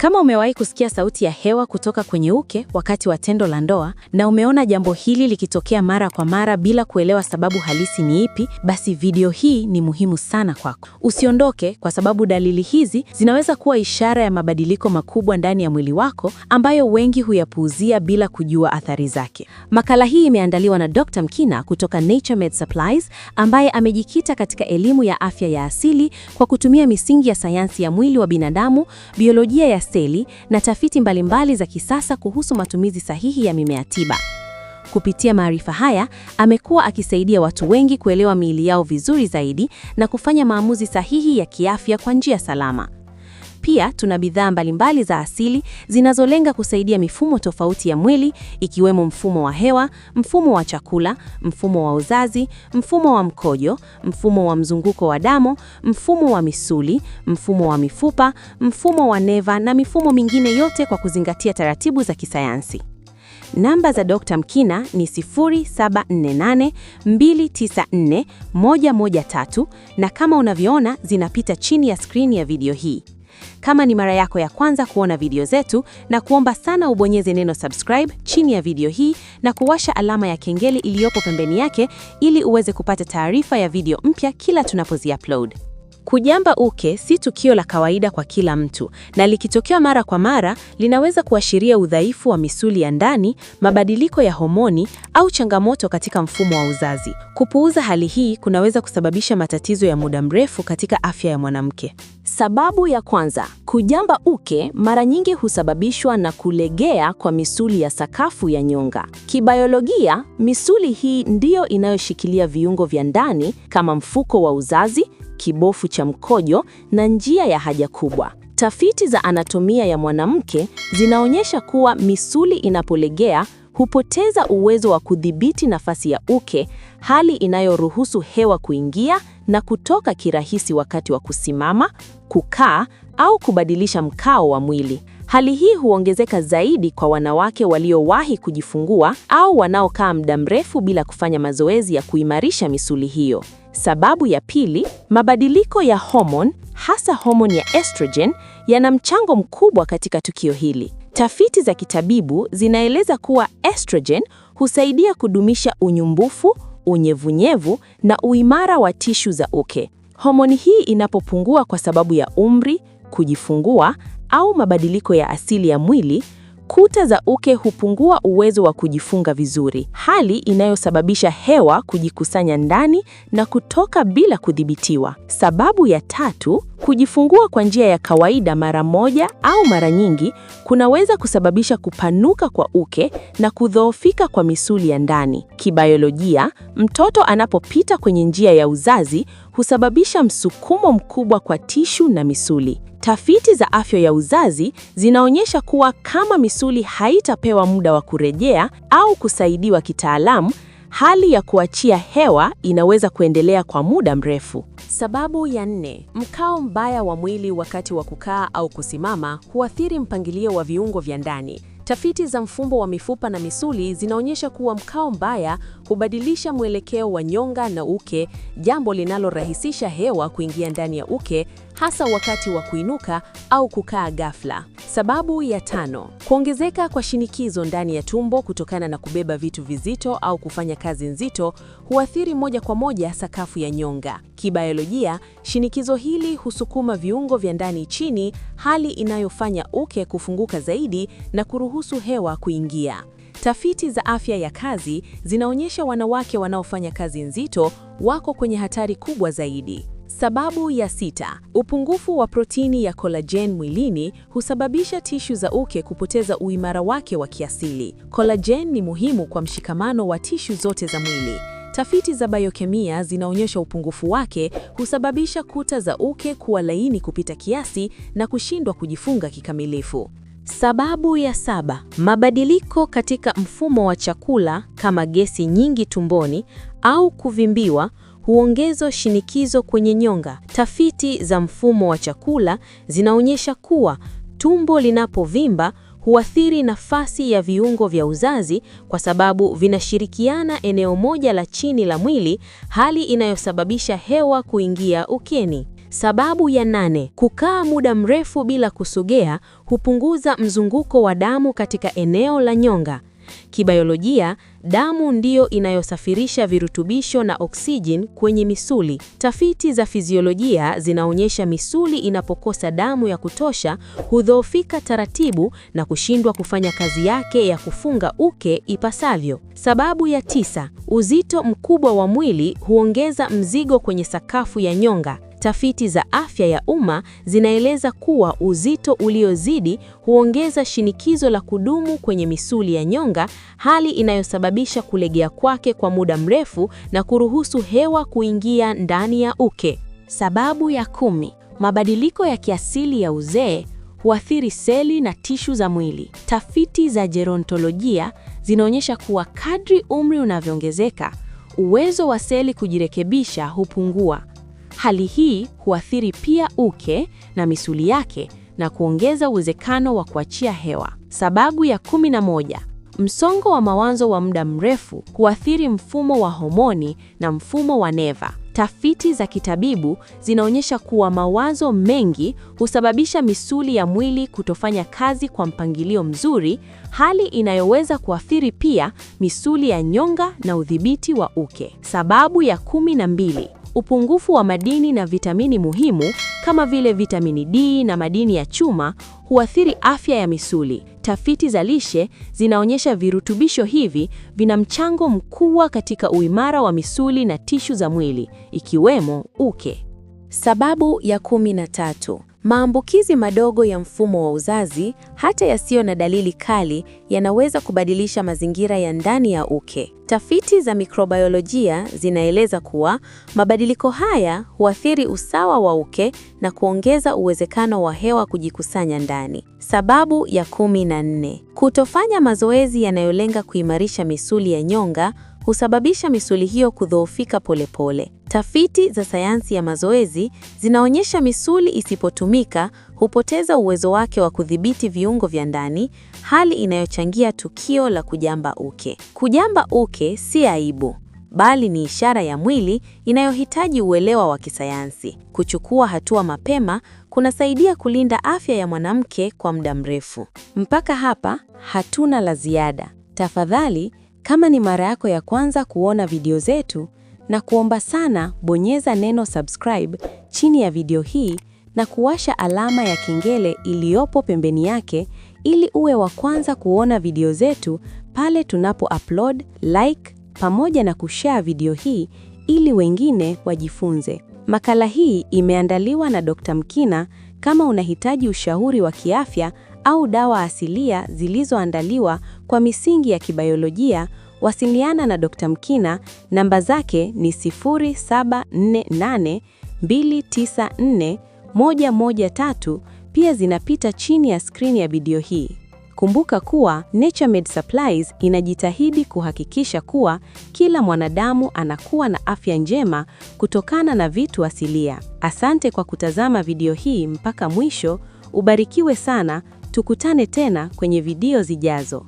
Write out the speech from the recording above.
Kama umewahi kusikia sauti ya hewa kutoka kwenye uke wakati wa tendo la ndoa na umeona jambo hili likitokea mara kwa mara bila kuelewa sababu halisi ni ipi, basi video hii ni muhimu sana kwako. Usiondoke kwa sababu dalili hizi zinaweza kuwa ishara ya mabadiliko makubwa ndani ya mwili wako ambayo wengi huyapuuzia bila kujua athari zake. Makala hii imeandaliwa na Dr. Mkina kutoka Naturemed Supplies ambaye amejikita katika elimu ya afya ya asili kwa kutumia misingi ya sayansi ya mwili wa binadamu, biolojia ya seli na tafiti mbalimbali za kisasa kuhusu matumizi sahihi ya mimea tiba. Kupitia maarifa haya, amekuwa akisaidia watu wengi kuelewa miili yao vizuri zaidi na kufanya maamuzi sahihi ya kiafya kwa njia salama. Pia tuna bidhaa mbalimbali za asili zinazolenga kusaidia mifumo tofauti ya mwili ikiwemo mfumo wa hewa, mfumo wa chakula, mfumo wa uzazi, mfumo wa mkojo, mfumo wa mzunguko wa damu, mfumo wa misuli, mfumo wa mifupa, mfumo wa neva na mifumo mingine yote kwa kuzingatia taratibu za kisayansi. Namba za Dr. Mkina ni 0748294113 na kama unavyoona zinapita chini ya skrini ya video hii. Kama ni mara yako ya kwanza kuona video zetu, na kuomba sana ubonyeze neno subscribe chini ya video hii na kuwasha alama ya kengele iliyopo pembeni yake ili uweze kupata taarifa ya video mpya kila tunapozi upload. Kujamba uke si tukio la kawaida kwa kila mtu, na likitokea mara kwa mara linaweza kuashiria udhaifu wa misuli ya ndani, mabadiliko ya homoni au changamoto katika mfumo wa uzazi. Kupuuza hali hii kunaweza kusababisha matatizo ya muda mrefu katika afya ya mwanamke. Sababu ya kwanza, kujamba uke mara nyingi husababishwa na kulegea kwa misuli ya sakafu ya nyonga. Kibiolojia, misuli hii ndiyo inayoshikilia viungo vya ndani kama mfuko wa uzazi kibofu cha mkojo na njia ya haja kubwa. Tafiti za anatomia ya mwanamke zinaonyesha kuwa misuli inapolegea hupoteza uwezo wa kudhibiti nafasi ya uke, hali inayoruhusu hewa kuingia na kutoka kirahisi wakati wa kusimama, kukaa au kubadilisha mkao wa mwili. Hali hii huongezeka zaidi kwa wanawake waliowahi kujifungua au wanaokaa muda mrefu bila kufanya mazoezi ya kuimarisha misuli hiyo. Sababu ya pili, mabadiliko ya homoni hasa homoni ya estrogen yana mchango mkubwa katika tukio hili. Tafiti za kitabibu zinaeleza kuwa estrogen husaidia kudumisha unyumbufu, unyevunyevu na uimara wa tishu za uke. Homoni hii inapopungua kwa sababu ya umri, kujifungua au mabadiliko ya asili ya mwili, kuta za uke hupungua uwezo wa kujifunga vizuri, hali inayosababisha hewa kujikusanya ndani na kutoka bila kudhibitiwa. Sababu ya tatu, kujifungua kwa njia ya kawaida mara moja au mara nyingi kunaweza kusababisha kupanuka kwa uke na kudhoofika kwa misuli ya ndani. Kibayolojia, mtoto anapopita kwenye njia ya uzazi husababisha msukumo mkubwa kwa tishu na misuli. Tafiti za afya ya uzazi zinaonyesha kuwa kama misuli haitapewa muda wa kurejea au kusaidiwa kitaalamu, hali ya kuachia hewa inaweza kuendelea kwa muda mrefu. Sababu ya nne, mkao mbaya wa mwili wakati wa kukaa au kusimama huathiri mpangilio wa viungo vya ndani. Tafiti za mfumbo wa mifupa na misuli zinaonyesha kuwa mkao mbaya hubadilisha mwelekeo wa nyonga na uke, jambo linalorahisisha hewa kuingia ndani ya uke hasa wakati wa kuinuka au kukaa ghafla. Sababu ya tano, kuongezeka kwa shinikizo ndani ya tumbo kutokana na kubeba vitu vizito au kufanya kazi nzito huathiri moja kwa moja sakafu ya nyonga. Kibiolojia, shinikizo hili husukuma viungo vya ndani chini, hali inayofanya uke kufunguka zaidi na kuruhusu hewa kuingia. Tafiti za afya ya kazi zinaonyesha wanawake wanaofanya kazi nzito wako kwenye hatari kubwa zaidi. Sababu ya sita, upungufu wa protini ya kolajen mwilini husababisha tishu za uke kupoteza uimara wake wa kiasili. Kolajen ni muhimu kwa mshikamano wa tishu zote za mwili. Tafiti za biokemia zinaonyesha upungufu wake husababisha kuta za uke kuwa laini kupita kiasi na kushindwa kujifunga kikamilifu. Sababu ya saba, mabadiliko katika mfumo wa chakula kama gesi nyingi tumboni au kuvimbiwa huongeza shinikizo kwenye nyonga. Tafiti za mfumo wa chakula zinaonyesha kuwa tumbo linapovimba huathiri nafasi ya viungo vya uzazi kwa sababu vinashirikiana eneo moja la chini la mwili, hali inayosababisha hewa kuingia ukeni. Sababu ya nane, kukaa muda mrefu bila kusogea hupunguza mzunguko wa damu katika eneo la nyonga. Kibayolojia, damu ndiyo inayosafirisha virutubisho na oksijeni kwenye misuli. Tafiti za fiziolojia zinaonyesha misuli inapokosa damu ya kutosha hudhoofika taratibu na kushindwa kufanya kazi yake ya kufunga uke ipasavyo. Sababu ya tisa, uzito mkubwa wa mwili huongeza mzigo kwenye sakafu ya nyonga. Tafiti za afya ya umma zinaeleza kuwa uzito uliozidi huongeza shinikizo la kudumu kwenye misuli ya nyonga, hali inayosababisha kulegea kwake kwa muda mrefu na kuruhusu hewa kuingia ndani ya uke. Sababu ya kumi, mabadiliko ya kiasili ya uzee huathiri seli na tishu za mwili. Tafiti za gerontolojia zinaonyesha kuwa kadri umri unavyoongezeka, uwezo wa seli kujirekebisha hupungua. Hali hii huathiri pia uke na misuli yake na kuongeza uwezekano wa kuachia hewa. Sababu ya kumi na moja: msongo wa mawazo wa muda mrefu huathiri mfumo wa homoni na mfumo wa neva. Tafiti za kitabibu zinaonyesha kuwa mawazo mengi husababisha misuli ya mwili kutofanya kazi kwa mpangilio mzuri, hali inayoweza kuathiri pia misuli ya nyonga na udhibiti wa uke. Sababu ya kumi na mbili: Upungufu wa madini na vitamini muhimu kama vile vitamini D na madini ya chuma huathiri afya ya misuli. Tafiti za lishe zinaonyesha virutubisho hivi vina mchango mkubwa katika uimara wa misuli na tishu za mwili, ikiwemo uke. Sababu ya kumi na tatu: maambukizi madogo ya mfumo wa uzazi, hata yasiyo na dalili kali, yanaweza kubadilisha mazingira ya ndani ya uke. Tafiti za mikrobiolojia zinaeleza kuwa mabadiliko haya huathiri usawa wa uke na kuongeza uwezekano wa hewa kujikusanya ndani. Sababu ya kumi na nne: kutofanya mazoezi yanayolenga kuimarisha misuli ya nyonga husababisha misuli hiyo kudhoofika polepole. Tafiti za sayansi ya mazoezi zinaonyesha misuli isipotumika hupoteza uwezo wake wa kudhibiti viungo vya ndani, hali inayochangia tukio la kujamba uke. Kujamba uke si aibu, bali ni ishara ya mwili inayohitaji uelewa wa kisayansi. Kuchukua hatua mapema kunasaidia kulinda afya ya mwanamke kwa muda mrefu. Mpaka hapa hatuna la ziada. Tafadhali, kama ni mara yako ya kwanza kuona video zetu, na kuomba sana bonyeza neno subscribe chini ya video hii na kuwasha alama ya kengele iliyopo pembeni yake ili uwe wa kwanza kuona video zetu pale tunapo upload, like pamoja na kushare video hii ili wengine wajifunze. Makala hii imeandaliwa na Dr. Mkina. Kama unahitaji ushauri wa kiafya au dawa asilia zilizoandaliwa kwa misingi ya kibayolojia wasiliana na Dr. Mkina, namba zake ni 0748294113, pia zinapita chini ya skrini ya video hii. Kumbuka kuwa Naturemed Supplies inajitahidi kuhakikisha kuwa kila mwanadamu anakuwa na afya njema kutokana na vitu asilia. Asante kwa kutazama video hii mpaka mwisho. Ubarikiwe sana, tukutane tena kwenye video zijazo.